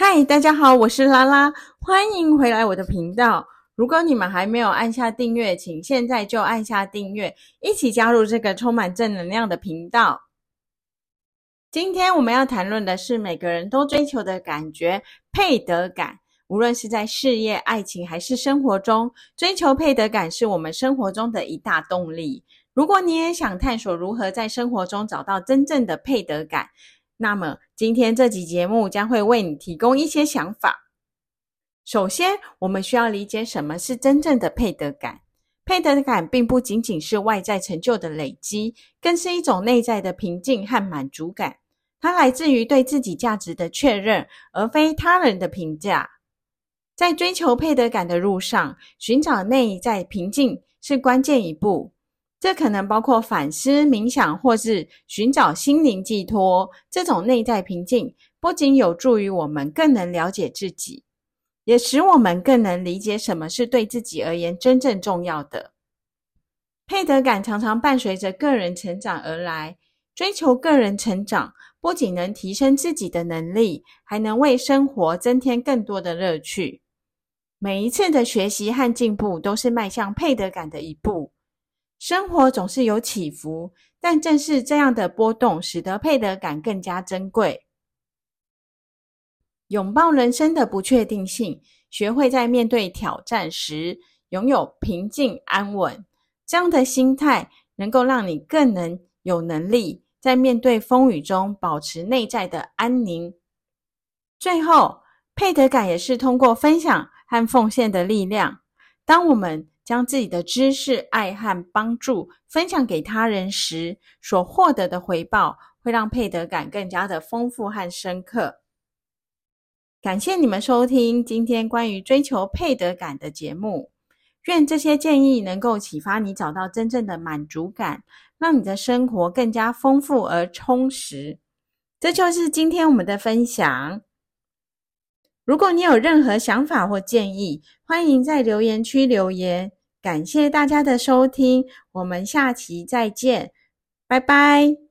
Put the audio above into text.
嗨，Hi, 大家好，我是拉拉，歡迎回來我的頻道。如果你們還沒有按下訂閱，請現在就按下訂閱，一起加入這個充滿正能量的頻道。今天我們要談論的是每個人都追求的感覺——配得感。無論是在事業、愛情還是生活中，追求配得感是我們生活中的一大動力。如果你也想探索如何在生活中找到真正的配得感，那麼，今天這集節目將會為你提供一些想法。首先，我們需要理解什麼是真正的配得感。配得感並不僅僅是外在成就的累積，更是一種內在的平靜和滿足感。它來自於對自己價值的確認，而非他人的評價。在追求配得感的路上，尋找內在平靜是關鍵一步。這可能包括反思、冥想，或是尋找心靈寄托。這種內在平靜不僅有助於我們更能了解自己，也使我們更能理解什麼是對自己而言真正重要的。配得感常常伴隨着個人成長而來。追求個人成長，不僅能提升自己的能力，還能為生活增添更多的樂趣。每一次的學習和進步，都是邁向配得感的一步。生活總是有起伏，但正是這樣的波動，使得配得感更加珍貴。擁抱人生的不確定性，學會在面對挑戰時擁有平靜安穩，這樣的心態能夠讓你更能有能力在面對風雨中保持內在的安寧。最後，配得感也是通過分享和奉獻的力量。當我們將自己的知識、愛和幫助分享給他人時，所獲得的回報會讓配得感更加的豐富和深刻。感謝你們收聽今天關於追求配得感的節目。願這些建議能夠啟發你找到真正的滿足感，讓你的生活更加豐富而充實。這就是今天我們的分享。如果你有任何想法或建議，歡迎在留言區留言。感謝大家的收聽，我們下期再見，拜拜。